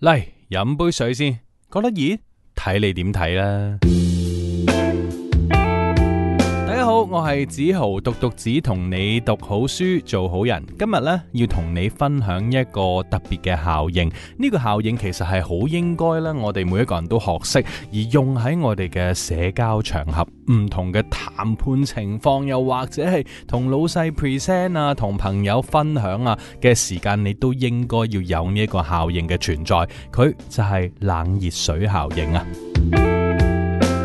嚟，飲杯水先，覺得熱，睇你點睇啦。我係梓豪，獨讀子同你讀好書，做好人。今日呢要同你分享一個特別嘅效應。呢個效應其實係好應該呢，我哋每一個人都學識而用喺我哋嘅社交場合、唔同嘅談判情況，又或者係同老細 present 啊、同朋友分享啊嘅時間，你都應該要有呢一個效應嘅存在。佢就係冷熱水效應啊！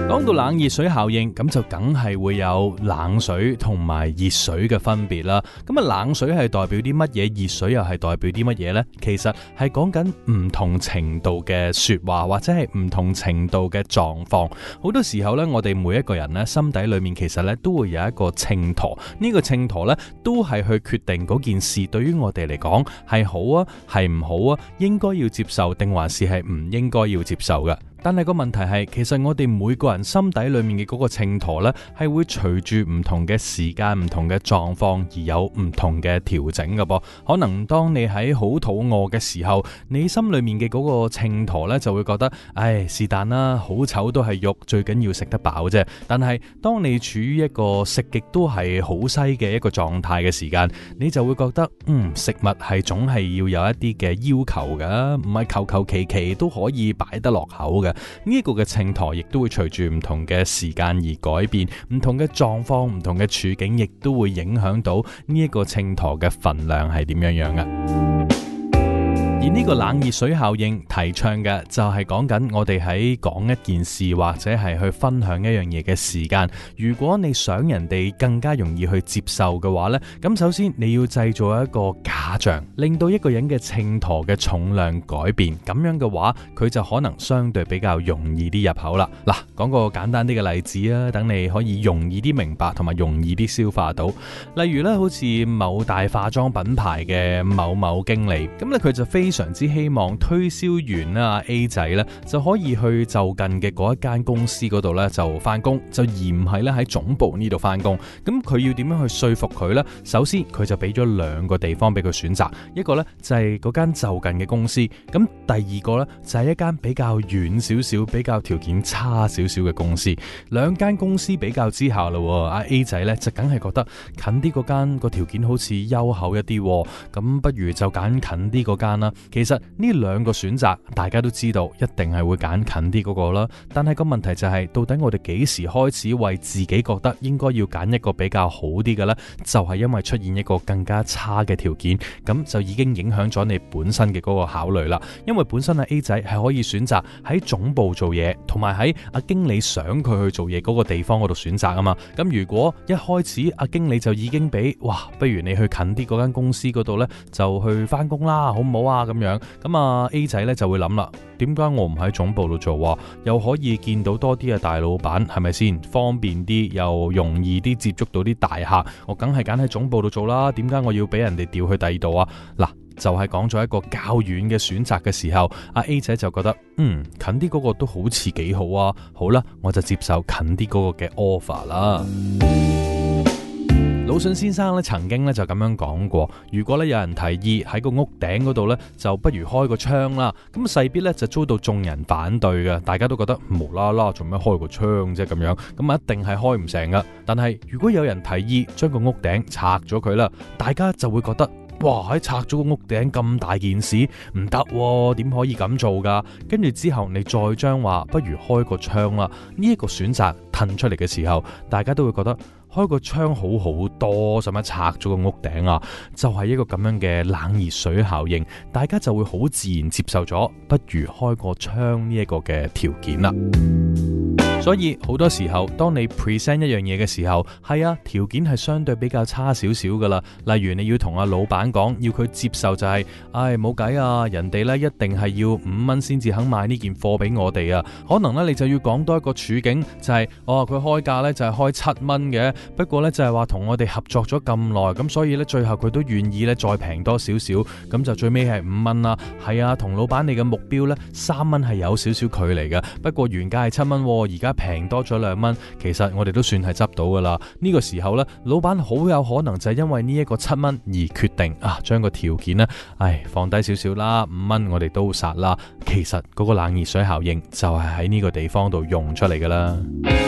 講到冷熱水效應，咁就梗係會有冷水同埋熱水嘅分別啦。咁啊，冷水係代表啲乜嘢？熱水又係代表啲乜嘢呢？其實係講緊唔同程度嘅說話，或者係唔同程度嘅狀況。好多時候呢，我哋每一個人呢，心底裏面，其實呢都會有一個秤砣。呢個秤砣呢，都係去決定嗰件事對於我哋嚟講係好啊，係唔好啊，應該要接受定還是係唔應該要接受嘅。但係個問題係，其實我哋每個人心底裏面嘅嗰個秤砣呢，係會隨住唔同嘅時間、唔同嘅狀況而有唔同嘅調整噶噃。可能當你喺好肚餓嘅時候，你心裏面嘅嗰個秤砣呢，就會覺得，唉，是但啦，好醜都係肉，最緊要食得飽啫。但係當你處於一個食極都係好犀嘅一個狀態嘅時間，你就會覺得，嗯，食物係總係要有一啲嘅要求噶，唔係求求其其都可以擺得落口嘅。呢一個嘅秤砣亦都會隨住唔同嘅時間而改變，唔同嘅狀況、唔同嘅處境，亦都會影響到呢一個秤砣嘅份量係點樣樣嘅。而呢個冷熱水效應提倡嘅就係講緊我哋喺講一件事或者係去分享一樣嘢嘅時間。如果你想人哋更加容易去接受嘅話呢，咁首先你要製造一個假象，令到一個人嘅秤砣嘅重量改變。咁樣嘅話，佢就可能相對比較容易啲入口啦。嗱，講個簡單啲嘅例子啊，等你可以容易啲明白同埋容易啲消化到。例如呢，好似某大化妝品牌嘅某某經理，咁咧佢就非非常之希望推銷員啦，A 仔呢就可以去就近嘅嗰一間公司嗰度呢就翻工，就而唔係呢喺總部呢度翻工。咁佢要點樣去說服佢呢？首先佢就俾咗兩個地方俾佢選擇，一個呢就係嗰間就近嘅公司，咁第二個呢，就係、是、一間比較遠少少、比較條件差少少嘅公司。兩間公司比較之下啦，阿 A 仔呢就梗係覺得近啲嗰間個條件好似優厚一啲，哦，咁不如就揀近啲嗰間啦。其實呢兩個選擇，大家都知道一定係會揀近啲嗰、那個啦。但係個問題就係、是，到底我哋幾時開始為自己覺得應該要揀一個比較好啲嘅呢？就係、是、因為出現一個更加差嘅條件，咁就已經影響咗你本身嘅嗰個考慮啦。因為本身阿 A 仔係可以選擇喺總部做嘢，同埋喺阿經理想佢去做嘢嗰個地方嗰度選擇啊嘛。咁如果一開始阿經理就已經俾，哇，不如你去近啲嗰間公司嗰度呢，就去返工啦，好唔好啊？咁樣咁啊，A 仔咧就會諗啦，點解我唔喺總部度做、啊？又可以見到多啲嘅大老闆，係咪先方便啲又容易啲接觸到啲大客？我梗係揀喺總部度做啦、啊。點解我要俾人哋調去第二度啊？嗱、啊，就係講咗一個較遠嘅選擇嘅時候，阿 A 仔就覺得嗯，近啲嗰個都好似幾好啊。好啦，我就接受近啲嗰個嘅 offer 啦。魯迅先生咧，曾經咧就咁樣講過：如果咧有人提議喺個屋頂嗰度咧，就不如開個窗啦，咁勢必咧就遭到眾人反對嘅，大家都覺得無啦啦，做咩開個窗啫咁樣，咁啊一定係開唔成噶。但係如果有人提議將個屋頂拆咗佢啦，大家就會覺得哇，喺拆咗個屋頂咁大件事，唔得、啊，點可以咁做噶？跟住之後，你再將話不如開個窗啦，呢、這、一個選擇褪出嚟嘅時候，大家都會覺得。開個窗好好多，使乜拆咗個屋頂啊？就係、是、一個咁樣嘅冷熱水效應，大家就會好自然接受咗，不如開個窗呢一個嘅條件啦。所以好多時候，當你 present 一樣嘢嘅時候，係啊，條件係相對比較差少少噶啦。例如你要同阿老闆講，要佢接受就係、是，唉、哎，冇計啊，人哋咧一定係要五蚊先至肯賣呢件貨俾我哋啊。可能咧你就要講多一個處境，就係、是、哦佢開價咧就係、是、開七蚊嘅，不過咧就係話同我哋合作咗咁耐，咁所以咧最後佢都願意咧再平多少少，咁就最尾係五蚊啦。係啊，同老闆你嘅目標咧三蚊係有少少距離嘅，不過原價係七蚊，而家。平多咗兩蚊，其實我哋都算係執到噶啦。呢個時候呢，老闆好有可能就係因為呢一個七蚊而決定啊，將個條件呢，唉，放低少少啦，五蚊我哋都殺啦。其實嗰個冷熱水效應就係喺呢個地方度用出嚟噶啦。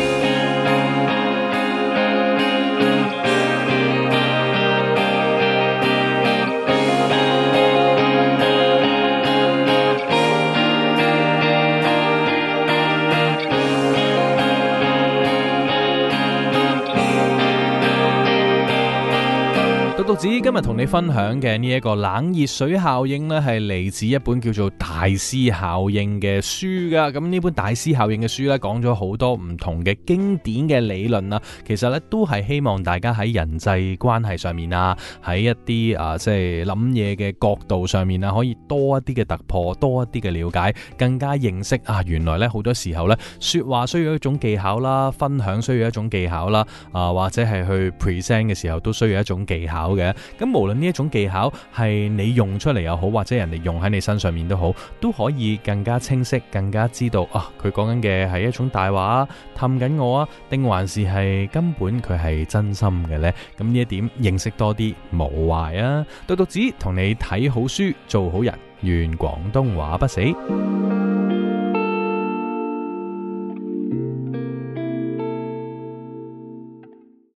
獨讀子今日同你分享嘅呢一個冷熱水效應呢，係嚟自一本叫做《大師效應》嘅書噶。咁呢本《大師效應》嘅書呢，講咗好多唔同嘅經典嘅理論啊。其實呢，都係希望大家喺人際關係上面啊，喺一啲啊即係諗嘢嘅角度上面啊，可以多一啲嘅突破，多一啲嘅了解，更加認識啊。原來呢，好多時候呢，說話需要一種技巧啦，分享需要一種技巧啦，啊，或者係去 present 嘅時候都需要一種技巧。嘅，咁無論呢一種技巧係你用出嚟又好，或者人哋用喺你身上面都好，都可以更加清晰、更加知道啊！佢講緊嘅係一種大話，氹緊我啊，定還是係根本佢係真心嘅呢。咁呢一點認識多啲冇壞啊！獨讀子同你睇好書，做好人，願廣東話不死。